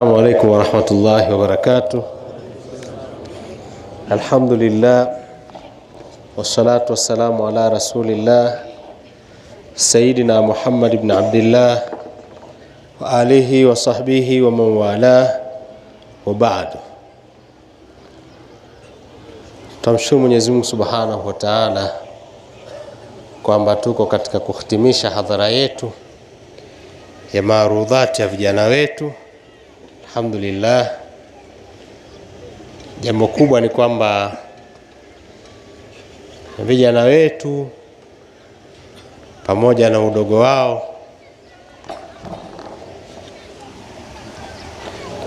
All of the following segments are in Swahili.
Assalamu alaikum warahmatullahi wabarakatuh. Alhamdulillah wassalatu wassalamu ala rasulillah Sayyidina Muhammad ibn Abdillah wa alihi wa sahbihi wa man wala wa ba'du. Tunamshukuru Mwenyezi Mungu Subhanahu wa Ta'ala kwamba tuko katika kuhitimisha hadhara yetu ya marudhati ya vijana wetu Alhamdulillah, jambo kubwa ni kwamba vijana wetu pamoja na udogo wao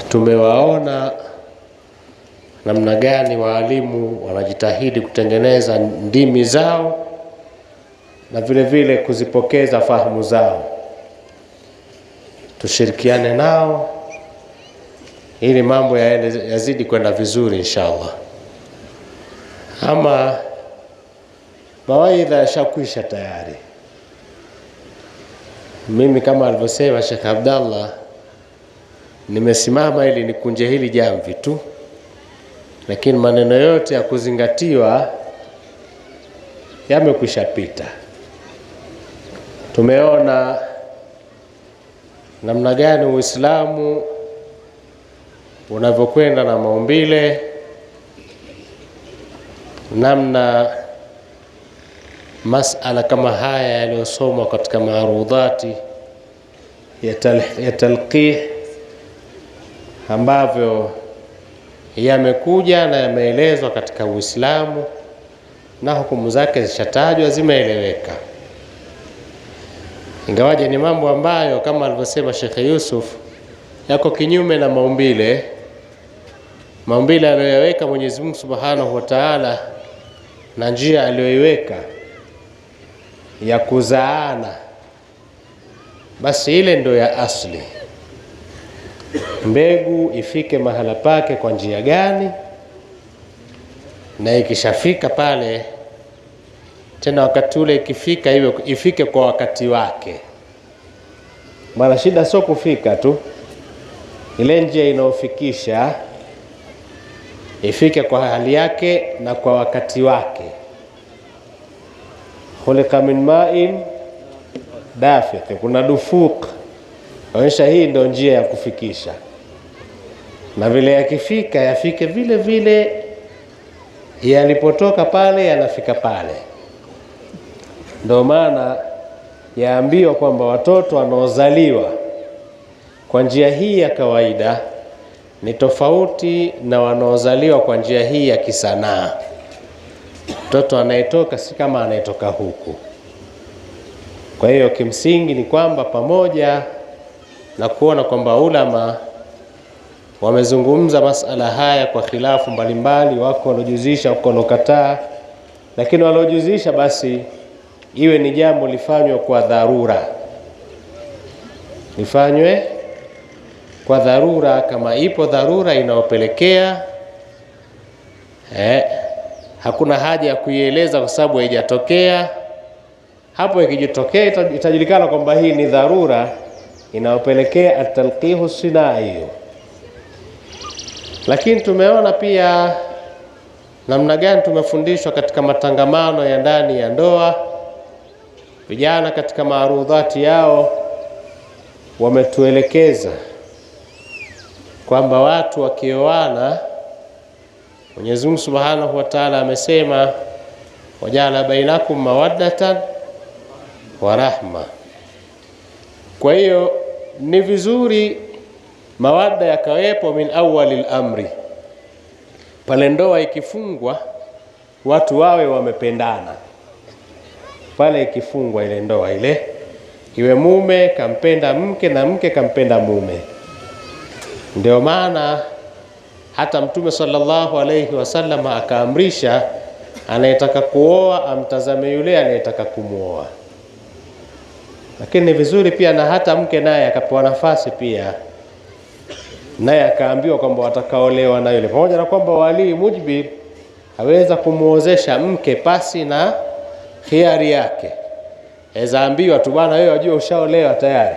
tumewaona namna gani waalimu wanajitahidi kutengeneza ndimi zao na vile vile kuzipokeza fahamu zao. Tushirikiane nao ili mambo yaende yazidi kwenda vizuri inshallah. Ama mawaidha yashakwisha tayari. Mimi kama alivyosema Sheikh Abdallah, nimesimama ili nikunje hili jamvi tu, lakini maneno yote ya kuzingatiwa yamekwisha pita. Tumeona namna gani Uislamu unavyokwenda na maumbile, namna masala kama haya yaliyosomwa katika maarudhati ya talqih ambavyo yamekuja na yameelezwa katika Uislamu na hukumu zake zishatajwa, zimeeleweka, ingawaje ni mambo ambayo kama alivyosema Shekhe Yusuf yako kinyume na maumbile maumbile aliyoyaweka Mwenyezi Mungu Subhanahu wa Ta'ala na njia aliyoiweka ya kuzaana, basi ile ndio ya asli. Mbegu ifike mahala pake kwa njia gani, na ikishafika pale tena wakati ule ikifika iwe ifike kwa wakati wake. Maana shida sio kufika tu, ile njia inayofikisha ifike kwa hali yake na kwa wakati wake. Khuliqa min ma'in dafiq, kuna dufuq onyesha, hii ndio njia ya kufikisha, na vile yakifika yafike vile vile yalipotoka pale, yanafika pale. Ndio maana yaambiwa kwamba watoto wanaozaliwa kwa njia hii ya kawaida ni tofauti na wanaozaliwa kwa njia hii ya kisanaa. Mtoto anayetoka si kama anayetoka huku. Kwa hiyo kimsingi ni kwamba pamoja na kuona kwamba ulama wamezungumza masala haya kwa khilafu mbalimbali, wako waliojuzisha, wako waliokataa, lakini waliojuzisha basi iwe ni jambo lifanywe kwa dharura, lifanywe kwa dharura, kama ipo dharura inayopelekea eh, hakuna haja ya kuieleza kwa sababu haijatokea. Hapo ikijitokea itajulikana kwamba hii ni dharura inayopelekea atalqihu sinaiyo. Lakini tumeona pia namna gani tumefundishwa katika matangamano ya ndani ya ndoa, vijana katika maarudhati yao wametuelekeza kwamba watu wakioana, Mwenyezi Mungu Subhanahu wa Ta'ala amesema wajala bainakum mawaddatan wa rahma. Kwa hiyo ni vizuri mawadda yakawepo min awali amri, pale ndoa ikifungwa watu wawe wamependana pale ikifungwa ile ndoa ile, iwe mume kampenda mke na mke kampenda mume. Ndio maana hata Mtume sallallahu alaihi wasallam akaamrisha anayetaka kuoa amtazame yule anayetaka kumwoa. Lakini ni vizuri pia na hata mke naye akapewa nafasi pia, naye akaambiwa kwamba watakaolewa na yule, pamoja na kwamba walii mujbir aweza kumwozesha mke pasi na khiari yake, aweza ambiwa tu bwana, wewe wajua ushaolewa tayari,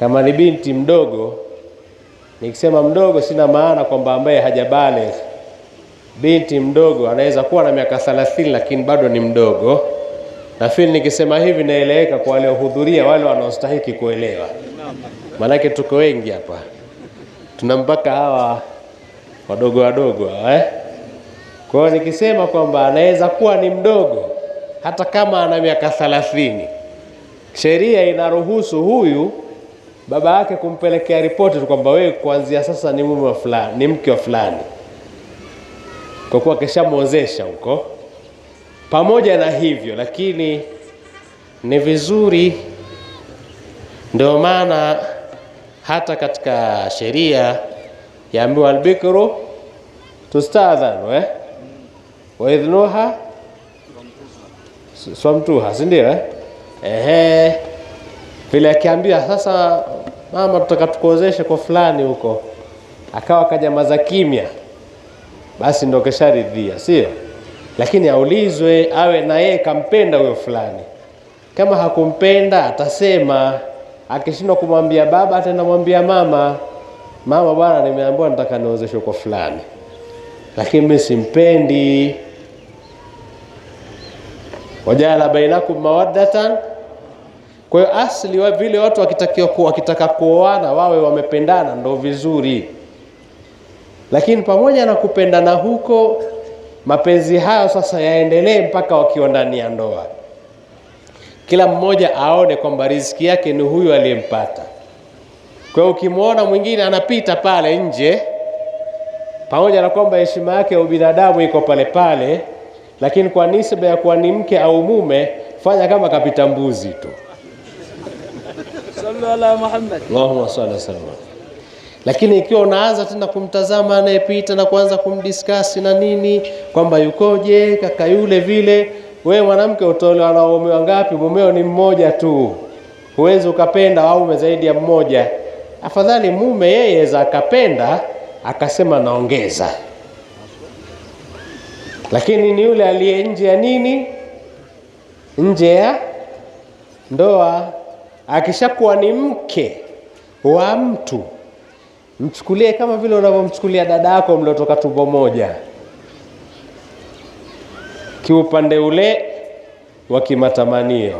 kama ni binti mdogo Nikisema mdogo, sina maana kwamba ambaye hajabale Binti mdogo anaweza kuwa na miaka 30 lakini bado ni mdogo. Nafikiri nikisema hivi naeleweka kwa waliohudhuria, wale wanaostahiki kuelewa, maanake tuko wengi hapa, tuna mpaka hawa wadogo wadogo hawa eh? Kwa hiyo nikisema kwamba anaweza kuwa ni mdogo hata kama ana miaka 30, sheria inaruhusu huyu baba yake kumpelekea ripoti tu kwamba wewe kuanzia sasa ni mume wa fulani, ni mke wa fulani, kwa kuwa akishamwozesha huko. Pamoja na hivyo lakini ni vizuri, ndio maana hata katika sheria yaambiwa albikru tustadhanu eh? waidhnuha swamtuha, si ndio eh? Ehe, vile akiambia sasa mama, tutaka kwa fulani huko, akawa kanyamaza kimya, basi ndo kesharidhia, sio? Lakini aulizwe awe na yeye kampenda huyo fulani. Kama hakumpenda atasema, akishindwa kumwambia baba atenda mwambia mama, mama, bwana, nimeambiwa nataka niozeshwe kwa fulani, lakini mimi simpendi. wajala bainakum mawaddatan kwa hiyo asli wa vile watu wakitakiwa wakitaka kuoana wawe wamependana ndo vizuri, lakini pamoja na kupendana huko, mapenzi hayo sasa yaendelee mpaka wakiwa ndani ya ndoa, kila mmoja aone kwamba riziki yake ni huyu aliyempata. Kwa hiyo ukimwona mwingine anapita pale nje, pamoja na kwamba heshima yake ya ubinadamu iko pale pale, lakini kwa nisba ya kuwa ni mke au mume, fanya kama kapita mbuzi tu salli ala Muhammad, Allahumma salli wa sallim. Lakini ikiwa unaanza tena kumtazama anayepita na kuanza kumdiskasi na nini, kwamba yukoje kaka yule vile, we mwanamke utolewa na waume wangapi? Mumeo ni mmoja tu, huwezi ukapenda waume zaidi ya mmoja. Afadhali mume yeye za akapenda akasema naongeza, lakini ni yule aliye nje ya nini, nje ya ndoa akishakuwa ni mke wa mtu, mchukulie kama vile unavyomchukulia dada yako mliotoka tumbo moja, kiupande ule wa kimatamanio,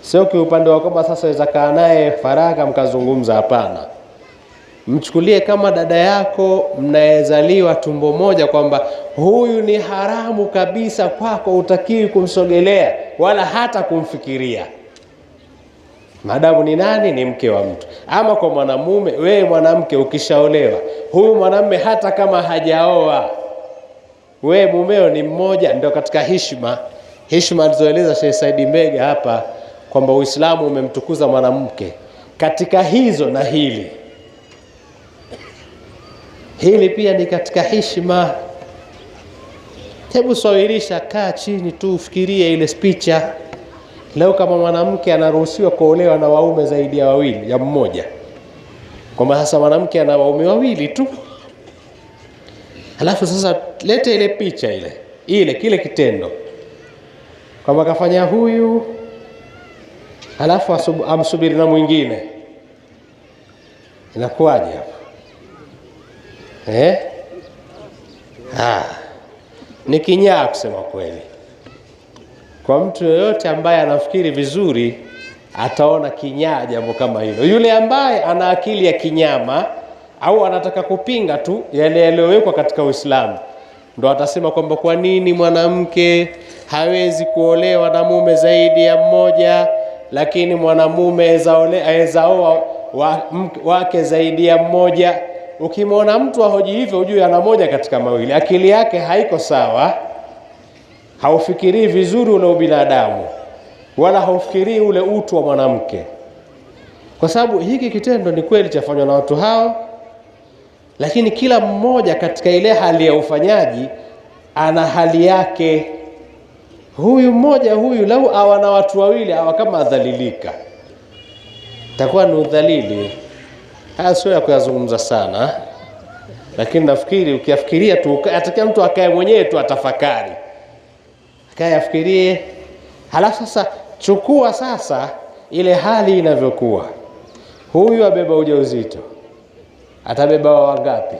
sio kiupande wa kwamba sasa weza kaa naye faraka mkazungumza. Hapana, mchukulie kama dada yako mnayezaliwa tumbo moja, kwamba huyu ni haramu kabisa kwako, utakiwi kumsogelea wala hata kumfikiria madamu ni nani? Ni mke wa mtu. Ama kwa mwanamume, wewe mwanamke ukishaolewa, huyu mwanamume hata kama hajaoa, wewe mumeo ni mmoja. Ndio katika heshima, heshima alizoeleza Sheikh Said Mbega hapa kwamba Uislamu umemtukuza mwanamke katika hizo na hili hili pia ni katika heshima. Hebu sawirisha, kaa chini tu ufikirie ile spicha. Leo kama mwanamke anaruhusiwa kuolewa na waume zaidi ya wawili ya mmoja, kwamba sasa mwanamke ana waume wawili tu, alafu sasa lete ile picha ile ile kile kitendo kwamba kafanya huyu, alafu amsubiri na mwingine, inakuwaje hapo eh? Ah. ni kinyaa kusema kweli. Kwa mtu yoyote ambaye anafikiri vizuri ataona kinyaa jambo kama hilo. Yule ambaye ana akili ya kinyama au anataka kupinga tu yale yaliyowekwa katika Uislamu ndo atasema kwamba kwa nini mwanamke hawezi kuolewa na mume zaidi ya mmoja, lakini mwanamume aweza oa wake zaidi ya mmoja. Ukimwona mtu ahoji hivyo, ujue ana moja katika mawili, akili yake haiko sawa haufikirii vizuri ule ubinadamu wala haufikirii ule utu wa mwanamke, kwa sababu hiki kitendo ni kweli chafanywa na watu hao, lakini kila mmoja katika ile hali ya ufanyaji ana hali yake. Huyu mmoja huyu, lau awa na watu wawili awa kama adhalilika, takuwa ni udhalili. Haya sio ya kuyazungumza sana, lakini nafikiri ukiafikiria tu, atakia mtu akae mwenyewe tu atafakari kayafikirie, halafu sasa chukua sasa ile hali inavyokuwa. Huyu abeba ujauzito, atabeba wa wangapi?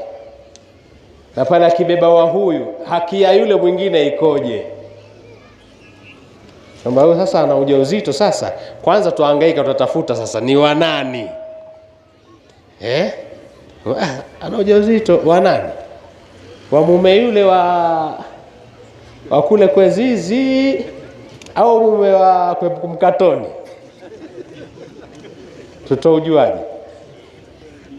Na pale akibeba wa huyu, haki ya yule mwingine ikoje? Kwamba huyu sasa ana ujauzito, sasa kwanza tuangaika, tutatafuta sasa ni wanani eh? Ana ujauzito wanani, wa mume yule wa wakule kwezizi au mume wa mkatoni, tutaujuaje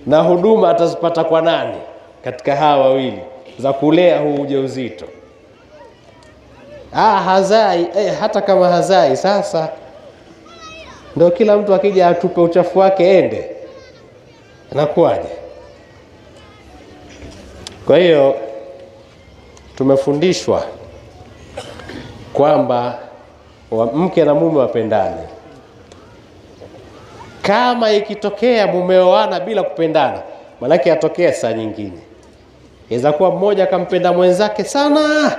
Na huduma atazipata kwa nani katika hawa wawili za kulea huu ujauzito? Ah, hazai eh, hata kama hazai sasa ndio kila mtu akija atupe uchafu wake ende, inakuwaje? Kwa hiyo tumefundishwa kwamba mke na mume wapendane. Kama ikitokea mumeoana bila kupendana, maanake yatokea saa nyingine, inaweza kuwa mmoja akampenda mwenzake sana,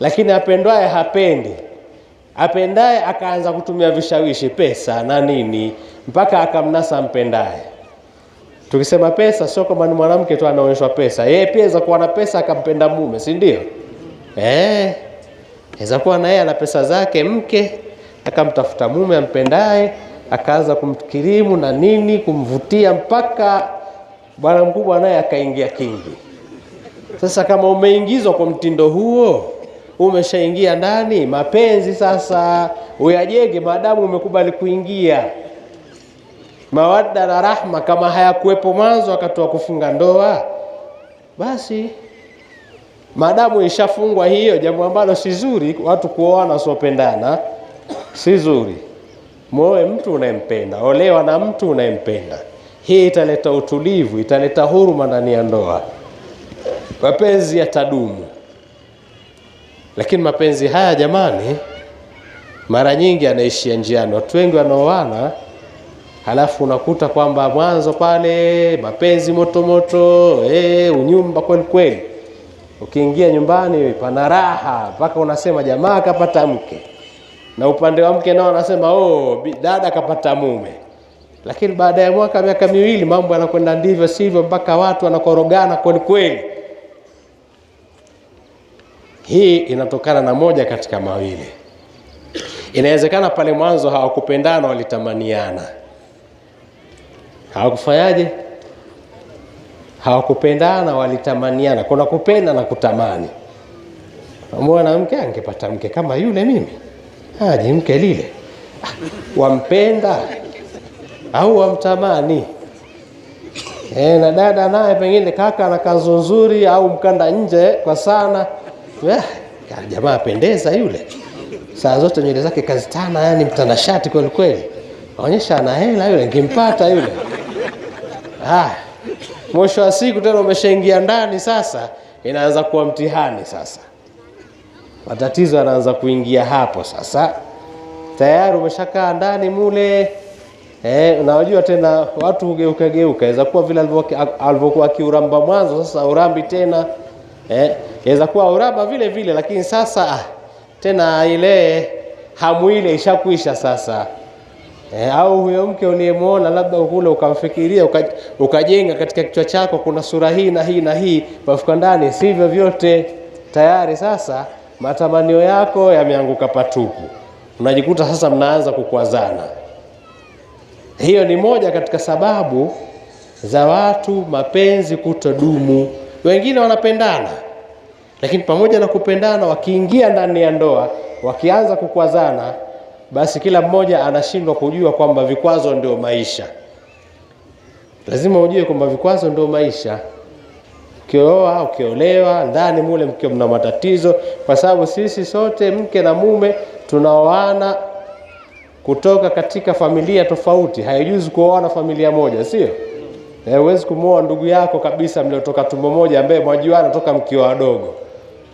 lakini apendwaye hapendi apendaye akaanza kutumia vishawishi, pesa na nini, mpaka akamnasa mpendaye. Tukisema pesa, sio kama ni mwanamke tu anaonyeshwa pesa, yeye pia aweza kuwa na pesa akampenda mume, si ndio? Eh. Inaweza kuwa na ana pesa zake, mke akamtafuta mume ampendaye, akaanza kumkirimu na nini, kumvutia mpaka bwana mkubwa naye akaingia kingi. Sasa kama umeingizwa kwa mtindo huo, umeshaingia ndani mapenzi, sasa uyajege maadamu umekubali kuingia mawadda na rahma. Kama hayakuwepo mwanzo wakati wa kufunga ndoa, basi maadamu ishafungwa hiyo, jambo ambalo si zuri. Watu kuoana wasiopendana si zuri. Muoe mtu unayempenda, olewa na mtu unayempenda. Hii italeta utulivu, italeta huruma ndani ya ndoa, mapenzi yatadumu. Lakini mapenzi haya jamani, mara nyingi anaishia njiani. Watu wengi wanaoana halafu unakuta kwamba mwanzo pale mapenzi motomoto, eh, unyumba kweli kweli Ukiingia nyumbani pana raha, mpaka unasema jamaa akapata mke, na upande wa mke nao anasema oh, dada akapata mume. Lakini baada ya mwaka, miaka miwili, mambo yanakwenda ndivyo sivyo, mpaka watu wanakorogana kweli kweli. Hii inatokana na moja katika mawili. Inawezekana pale mwanzo hawakupendana, walitamaniana, hawakufanyaje hawakupendana, walitamaniana. Kuna kupenda na kutamani. Mwanamke angepata mke kama yule, mimi aje mke lile, ah, wampenda au wamtamani? E, na dada naye pengine kaka na kanzu nzuri au mkanda nje kwa sana, eh, jamaa apendeza yule, saa zote nywele zake kazitana, yani mtanashati kweli kweli, aonyesha ana hela yule, nkimpata yule ah mwisho wa siku tena umeshaingia ndani sasa, inaanza kuwa mtihani sasa, matatizo yanaanza kuingia hapo sasa, tayari umeshakaa ndani mule Eh, unajua tena watu hugeuka geuka, inaweza kuwa vile alivyokuwa akiuramba mwanzo, sasa urambi tena eh, inaweza kuwa uramba vile vile, lakini sasa ah, tena ile hamu ile ishakwisha sasa. E, au huyo mke uliyemwona labda ukule ukamfikiria ukajenga katika kichwa chako kuna sura hii na hii na hii, pafuka ndani sivyo vyote tayari. Sasa matamanio yako yameanguka patupu, unajikuta sasa mnaanza kukwazana. Hiyo ni moja katika sababu za watu mapenzi kutodumu. Wengine wanapendana, lakini pamoja na kupendana, wakiingia ndani ya ndoa wakianza kukwazana basi kila mmoja anashindwa kujua kwamba vikwazo ndio maisha. Lazima ujue kwamba vikwazo ndio maisha. Ukioa, ukiolewa, ndani mule mkiwa mna matatizo, kwa sababu sisi sote mke na mume tunaoana kutoka katika familia tofauti. Haijuzi kuoana familia moja, sio? Eh, huwezi kumwoa ndugu yako kabisa mliotoka tumbo moja ambaye mwajuana toka mkiwa wadogo,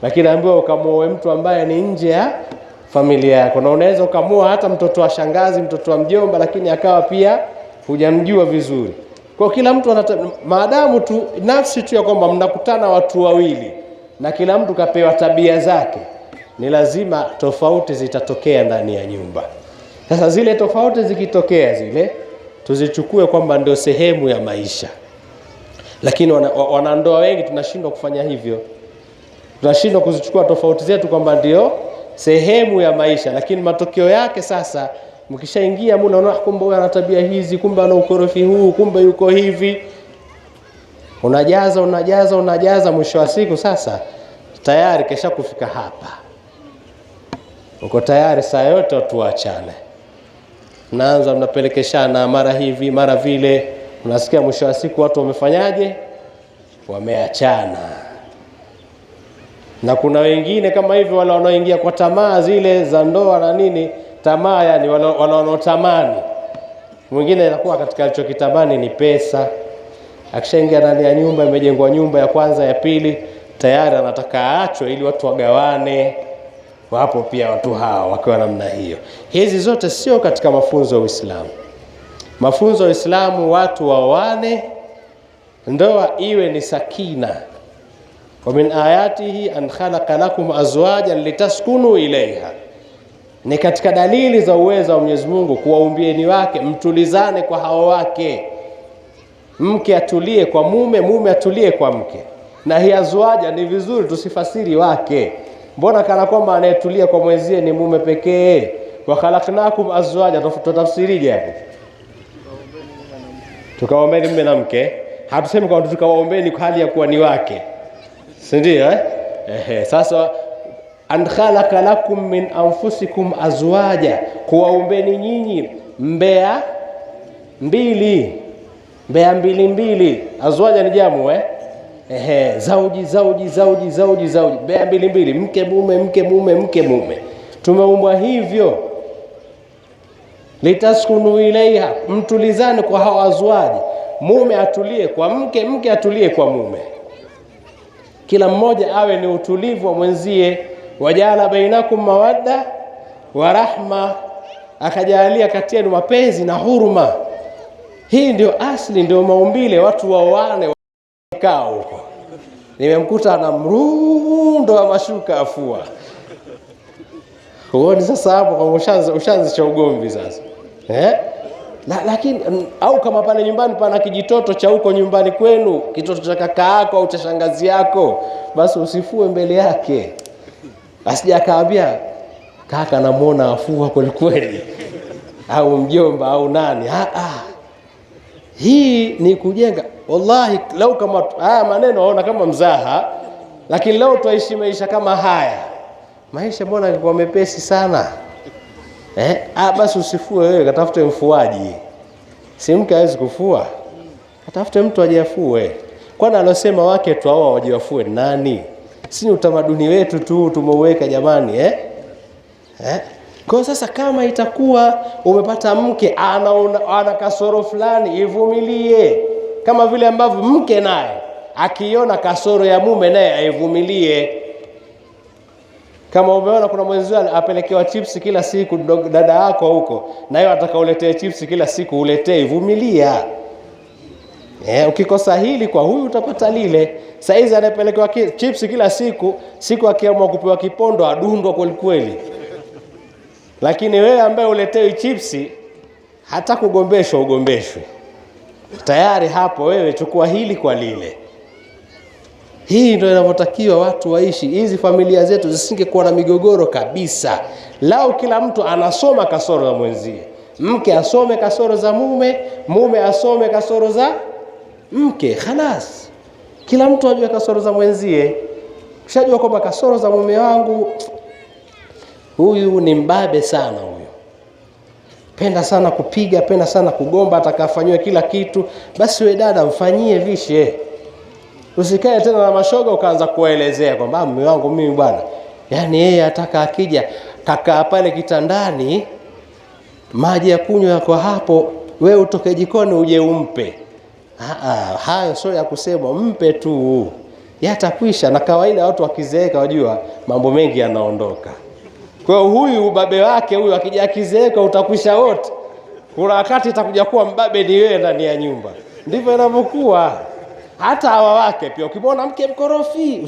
lakini ambiwa ukamwoe mtu ambaye ni nje ya familia yako, na unaweza ukamua hata mtoto wa shangazi, mtoto wa mjomba, lakini akawa pia hujamjua vizuri. Kwa kila mtu anata, maadamu tu nafsi tu ya kwamba mnakutana watu wawili na kila mtu kapewa tabia zake, ni lazima tofauti zitatokea ndani ya nyumba. Sasa zile tofauti zikitokea, zile tuzichukue kwamba ndio sehemu ya maisha, lakini wanandoa wengi tunashindwa kufanya hivyo, tunashindwa kuzichukua tofauti zetu kwamba ndio sehemu ya maisha, lakini matokeo yake sasa mkishaingia mu unaona kumbe huyu ana tabia hizi, kumbe ana ukorofi huu, kumbe yuko hivi. Unajaza, unajaza, unajaza, mwisho wa siku sasa tayari kesha kufika hapa, uko tayari saa yote watu waachane, mnaanza mnapelekeshana, mara hivi mara vile, unasikia mwisho wa siku watu wamefanyaje? Wameachana na kuna wengine kama hivyo wale wanaoingia kwa tamaa zile za ndoa na nini, tamaa yani wale wanaotamani. Mwingine anakuwa katika alichokitamani ni pesa, akishaingia ndani ya nyumba, imejengwa nyumba ya kwanza ya pili, tayari anataka aachwe ili watu wagawane. Wapo pia watu hao wakiwa namna hiyo. Hizi zote sio katika mafunzo ya Uislamu. Mafunzo ya Uislamu watu waoane, ndoa iwe ni sakina wa min ayatihi an khalaqa lakum azwajan litaskunu ilaiha, ni katika dalili za uwezo wa Mwenyezi Mungu kuwaumbieni wake mtulizane kwa hao wake, mke atulie kwa mume, mume atulie kwa mke. Na hii azwaja ni vizuri tusifasiri wake, mbona kana kwamba anayetulia kwa mwenzie ni mume pekee. Wa khalaqnakum azwaja, tutafsirije hapo? Tukawaombeni mume na mke, hatusemi kwamba tukawaombeni hali ya kuwa ni wake si ndio eh? Ehe, sasa an khalaqa lakum min anfusikum azwaja, kuwaumbeni nyinyi mbea mbili, mbea mbili mbili. Azwaja ni jamu eh? Ehe, zauji zauji zauji zauji zauji, mbea mbili mbili, mke mume mke mume mke mume. Tumeumbwa hivyo, litaskunu ilaiha, mtulizane kwa hawa azwaji, mume atulie kwa mke, mke atulie kwa mume kila mmoja awe ni utulivu wa mwenzie. Wajala bainakum mawadda wa rahma, akajalia kati yenu mapenzi na huruma. Hii ndio asli, ndio maumbile, watu waoane. Kao huko nimemkuta na mrundo wa mashuka afua, huoni? Sasa hapo ushanzisha ugomvi sasa eh? La, lakini mm, au kama pale nyumbani pana kijitoto cha huko nyumbani kwenu, kitoto cha kaka yako au cha shangazi yako, basi usifue mbele yake, asija akaambia kaka, namwona afua kweli kweli, au mjomba au nani. Ah, ah. Hii ni kujenga wallahi. Lau kama haya maneno aona kama mzaha, lakini leo twaishi maisha kama haya, maisha mbona yalikuwa mepesi sana. Eh, ah, basi usifue wewe, katafute mfuaji. Si mke hawezi kufua, katafute mtu ajafue. Kwani alosema wake twaoa wajiwafue nani? Si ni utamaduni wetu tu tumeuweka jamani, eh? Eh? Kwa sasa kama itakuwa umepata mke ana, ana kasoro fulani ivumilie, kama vile ambavyo mke naye akiona kasoro ya mume naye aivumilie. Kama umeona kuna mwenzio apelekewa chips kila siku, dada yako huko na ataka atakauletea chips kila siku, uletee, vumilia. Eh, ukikosa hili kwa huyu utapata lile. Saizi anapelekewa chips kila siku, siku akiamua kupewa kipondo adundwa kwelikweli kweli. Lakini wewe ambaye uletewi chipsi, hata kugombeshwa ugombeshwe, tayari hapo wewe chukua hili kwa lile. Hii ndio inavyotakiwa watu waishi. Hizi familia zetu zisingekuwa na migogoro kabisa, lao kila mtu anasoma kasoro za mwenzie. Mke asome kasoro za mume, mume asome kasoro za mke. Khalas, kila mtu ajue kasoro za mwenzie. Ushajua kwamba kasoro za mume wangu huyu ni mbabe sana, huyu penda sana kupiga, penda sana kugomba, atakafanyiwa kila kitu. Basi we dada, mfanyie vishe Usikae tena na mashoga ukaanza kuelezea kwamba ah, mume wangu mimi bwana, yaani yeye ataka akija kakaa pale kitandani, maji ya kunywa yako hapo, we utoke jikoni uje umpe. Aa, ah, ah, hayo sio ya kusema, mpe tu yatakwisha. Na kawaida watu wakizeeka, wajua mambo mengi yanaondoka. Kwa huyu babe wake huyu akija akizeeka, utakwisha wote. Kuna wakati itakuja kuwa mbabe ni wewe ndani ya nyumba, ndivyo inavyokuwa hata hawa wake pia. Ukimwona mke mkorofi,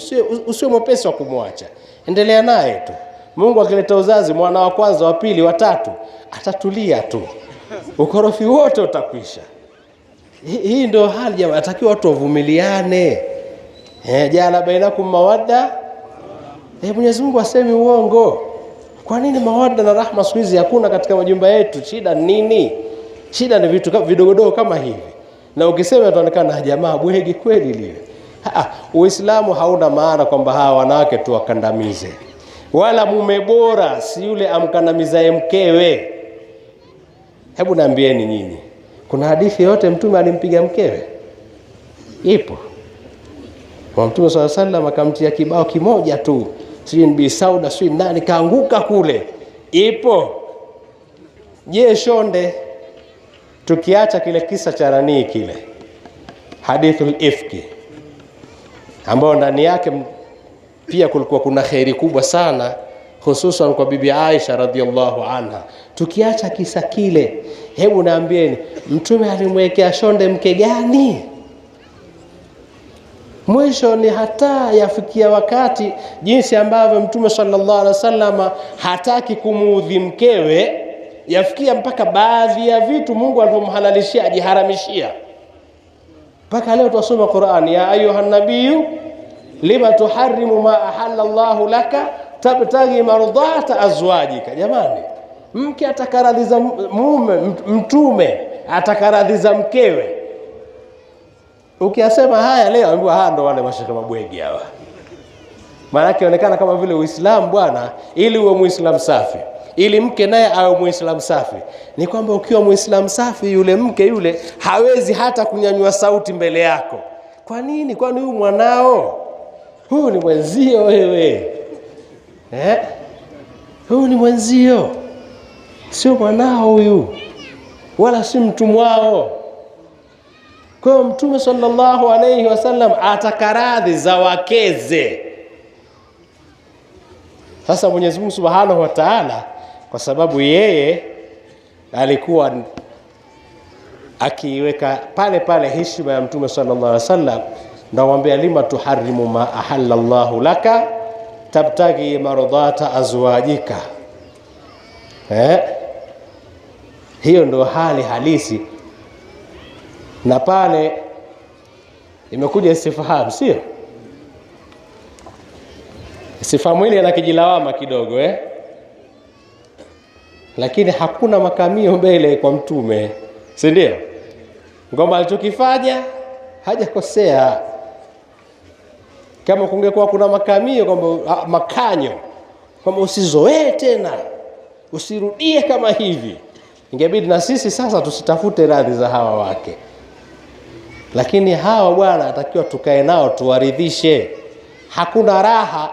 usiwe mwepesi wa kumwacha, endelea naye tu. Mungu akileta uzazi, mwana wa kwanza, wa pili, wa tatu, atatulia tu, ukorofi wote utakwisha. Hii ndio hali jamaa, atakiwa watu wavumiliane. Eh, jala bainakum mawadda. Eh, Mwenyezi Mungu asemi uongo. Kwa nini mawadda na rahma siku hizi hakuna katika majumba yetu? Shida nini? Shida ni vitu vidogodogo kama hivi na ukisema ataonekana jamaa bwege kweli lile. Uislamu hauna maana kwamba hawa wanawake tuwakandamize, wala mume bora si yule amkandamizaye mkewe. Hebu naambieni nyinyi, kuna hadithi yote mtume alimpiga mkewe? Ipo? Mtume swalla sallam akamtia kibao kimoja tu, sijui ni Sauda sijui nani, kaanguka kule. Ipo? Je, shonde tukiacha kile kisa cha nanii kile hadithul ifki ambayo ndani yake pia kulikuwa kuna kheri kubwa sana hususan kwa bibi Aisha radhiallahu anha. Tukiacha kisa kile, hebu naambieni, mtume alimwekea shonde mke gani? Mwisho ni hata yafikia wakati jinsi ambavyo mtume sallallahu alaihi wasallam hataki kumuudhi mkewe yafikia mpaka baadhi ya vitu Mungu alivyomhalalishia ajiharamishia. Mpaka leo twasoma Qur'ani, ya ayuha nabiyu lima tuharimu ma ahalla Allahu laka tabtaghi mardhata azwajika. Jamani, mke atakaradhiza mume, mtume atakaradhiza mkewe. Ukiyasema haya leo ambiwa haya ndo wale mashaka mabwegi hawa, maanake onekana kama vile Uislamu bwana, ili uwe muislamu safi ili mke naye awe muislamu safi. Ni kwamba ukiwa muislamu safi, yule mke yule hawezi hata kunyanyua sauti mbele yako. Kwa nini? Kwani huyu mwanao huyu ni mwenzio wewe eh? Huyu ni mwenzio, sio mwanao huyu, wala si mtumwao. Kwa hiyo Mtume sallallahu alayhi wasallam ataka radhi za wakeze. Sasa Mwenyezi Mungu subhanahu wa taala kwa sababu yeye alikuwa akiiweka pale pale heshima ya Mtume sallallahu alaihi wasallam, na wambia lima tuharimu ma ahalla llahu laka tabtagi mardhata azwajika. Eh, hiyo ndio hali halisi, na pale imekuja sifahamu, sio sifahamu, ile, anakijilawama kidogo eh lakini hakuna makamio mbele kwa Mtume, si ndio? Ngoma alichokifanya hajakosea. Kama kungekuwa kuna makamio kwamba ah, makanyo kwamba usizoee tena, usirudie kama hivi, ingebidi na sisi sasa tusitafute radhi za hawa wake. Lakini hawa bwana, atakiwa tukae nao tuwaridhishe. Hakuna raha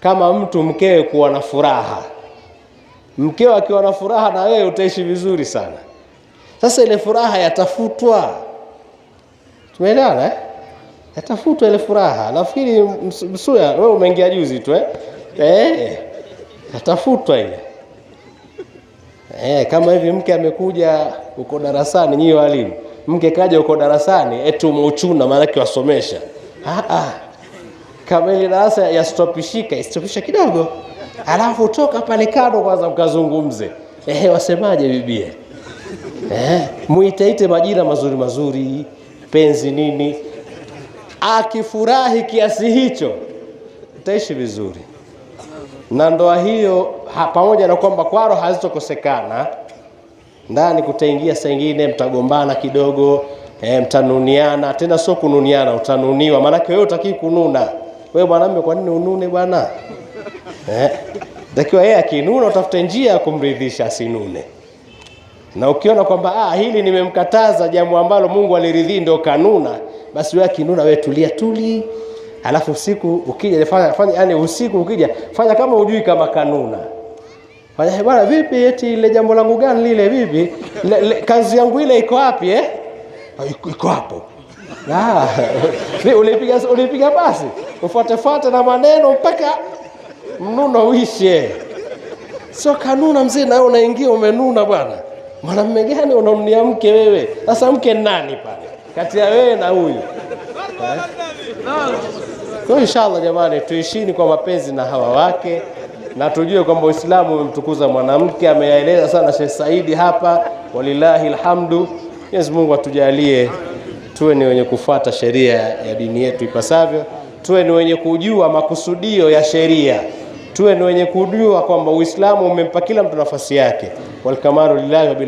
kama mtu mkewe kuwa na furaha mkeo akiwa na furaha, na wewe utaishi vizuri sana. Sasa ile furaha yatafutwa, tumeelewana eh? Yatafutwa ile furaha. Nafikiri Msuya wewe umeingia juzi tu eh? Eh, yatafutwa ile eh, kama hivi mke amekuja uko darasani, nyinyi walimu, mke kaja uko darasani, eti umeuchuna, maanake wasomesha. Ah, ah. Kama ile darasa yastopishika, istopisha kidogo alafu toka pale kando kwanza mkazungumze. Ehe, wasemaje Biblia? Eh, muiteite majina mazuri mazuri, penzi nini. Akifurahi kiasi hicho, utaishi vizuri na ndoa hiyo, pamoja na kwamba kwaro hazitokosekana ndani, kutaingia sengine, mtagombana kidogo E, mtanuniana tena, sio kununiana, utanuniwa. Maanake wewe utakii kununa. Wewe mwanamume, kwa nini unune bwana? Eh, Takiwa yeye akinuna, utafuta njia ya kumridhisha asinune, na ukiona kwamba ah, hili nimemkataza jambo ambalo Mungu aliridhii ndio kanuna, basi wewe akinuna, wewe tulia tuli, alafu usiku ukija fanya fanya, yani usiku ukija fanya kama ujui kama kanuna fanya bwana, vipi eti ile jambo langu gani lile, vipi le, le, kazi yangu ile iko wapi eh? Ah, iko hapo ah, ulipiga ulipiga, basi ufuatefuate na maneno mpaka mnuna uishe. Sio kanuna mzee, nawe unaingia umenuna bwana. Mwanamume gani unamnia mke wewe? Sasa mke nani pale kati ya wewe na huyu? Kwa inshallah jamani, tuishini kwa mapenzi na hawa wake na tujue kwamba Uislamu umemtukuza mwanamke. Ameyaeleza sana Sheikh Saidi hapa, walillahi alhamdu. Mwenyezi Mungu atujalie tuwe ni wenye kufuata sheria ya dini yetu ipasavyo, tuwe ni wenye kujua makusudio ya sheria tuwe ni wenye kujua kwamba Uislamu umempa kila mtu nafasi yake. walkamalu lillahi